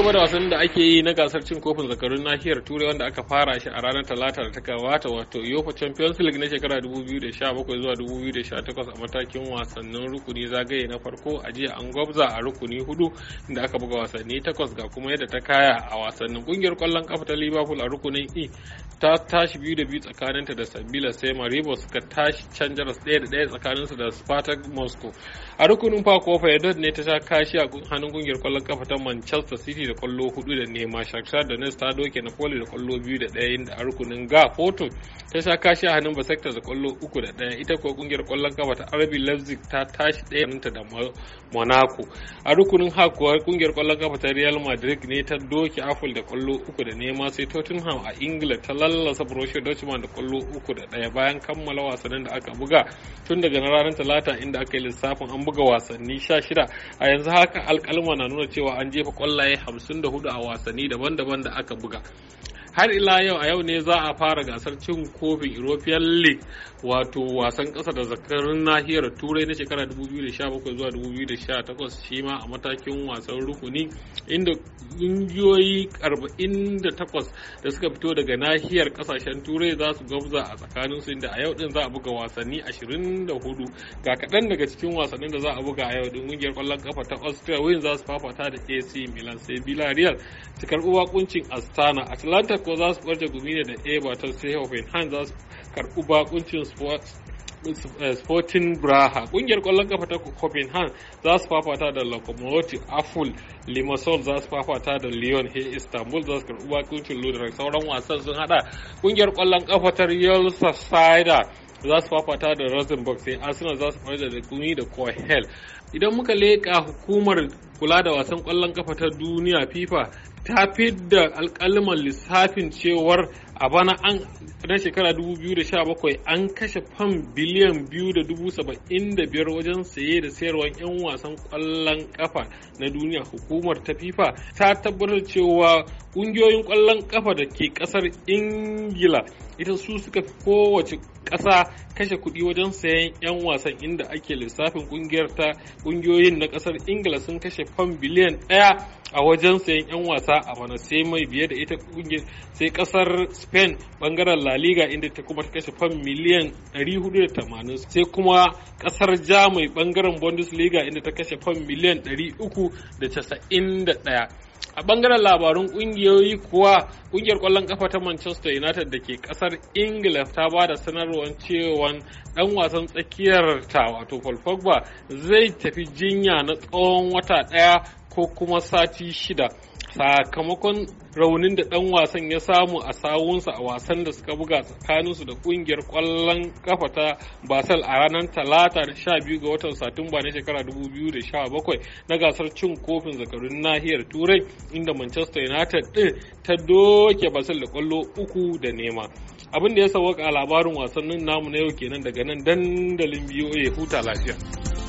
gaba da wasan da ake yi na gasar cin kofin zakarun nahiyar turai wanda aka fara shi a ranar talata da ta gabata wato yofa champions league na shekara 2017 zuwa 2018 a matakin wasannin rukuni zagaye na farko a jiya an gwabza a rukuni hudu da aka buga wasanni takwas ga kuma yadda ta kaya a wasannin kungiyar kwallon kafa ta liverpool a rukunin e ta tashi biyu da biyu tsakaninta da sabila sai maribo suka tashi can jaras ɗaya da ɗaya tsakaninsa da spartak moscow a rukunin fa kofa ne ta sha kashi a hannun kungiyar kwallon kafa ta manchester city da kwallo hudu da nema Shakhtar nes ta doke Napoli da kwallo biyu da ɗaya inda a rukunin ga Porto ta sha kashi a hannun Basakta da kwallo uku da ɗaya ita kuwa kungiyar kwallon kafa ta arabi Leipzig ta tashi ɗaya ta da Monaco a rukunin hakuwar kungiyar kwallon kafa ta Real Madrid ne ta doke Apple da kwallo uku da nema sai Tottenham a Ingila ta lallasa Borussia Dortmund da kwallo uku da ɗaya bayan kammala wasannin da aka buga tun daga ranar Talata inda aka yi lissafin an buga wasanni shida a yanzu haka alkalma na nuna cewa an jefa kwallaye 54 a wasanni daban-daban da aka buga har ila yau a yau ne za a fara gasar cin kofin european league wato wasan kasa da zakarun nahiyar turai na shekara 2017 zuwa 2018 shi ma a matakin wasan rukuni inda ƙungiyoyi 48 da suka fito daga nahiyar kasashen turai za su gwabza a tsakaninsu inda a yau din za a buga wasanni 24 ga kaɗan daga cikin wasannin da za a buga a yau din kungiyar ƙwallon kafa ta austria wayne za su fafata da ac milan sai villarreal ta karɓi wakuncin astana Atlanta. ko za su barje gumi da eba ta sai hoffenheim za su karɓi bakuncin eh, Sporting Braha. Kungiyar ƙwallon kafa ta Han za su fafata da Lokomotiv Aful, Limassol za su fafata da Lyon, he Istanbul za su karɓi wakilcin Ludwig. Sauran wasan sun hada kungiyar ƙwallon kafa ta Real Sociedad za su fafata da Rosenborg sai Arsenal za su fara da Gumi da Kohel. Idan muka leƙa hukumar kula da wasan ƙwallon kafa ta duniya FIFA ta fidda alkalaman lissafin cewar a bana an na shekara 2017 an kashe fam biliyan 2.75 wajen saye da sayarwar 'yan wasan kwallon kafa na duniya hukumar ta fifa ta tabbatar cewa ƙungiyoyin kwallon kafa da ke kasar ingila ita su suka fi kowace ƙasa kashe kuɗi wajen sayan 'yan wasan inda ake lissafin ƙungiyar ta ƙungiyoyin na ƙasar ingila sun kashe fam biliyan ɗaya a wajen sayan 'yan wasa a bana sai mai biye da ita ƙungiyar sai ƙasar spain bangaren la liga inda ta kuma ta kashe fam miliyan 480 sai kuma ƙasar jamai bangaren bundesliga inda ta kashe fam miliyan 391 a bangaren labarun kungiyoyi kuwa kungiyar kwallon kafa ta manchester united da ke kasar ingila ta ba da sanarwar cewa dan wasan tsakiyar ta wato paul pogba zai tafi jinya na tsawon wata daya ko kuma sati shida sakamakon raunin da ɗan wasan ya samu a sawunsa a wasan da suka buga tsakaninsu da ƙungiyar kwallon kafa ta basal a ranar talata da sha biyu ga watan satumba na shekara 2017 na gasar cin kofin zakarun nahiyar turai inda manchester united ɗin ta doke basal da kwallo uku da nema abin da ya sawaka labarin wasannin namu na yau kenan daga nan dandalin ya huta lafiya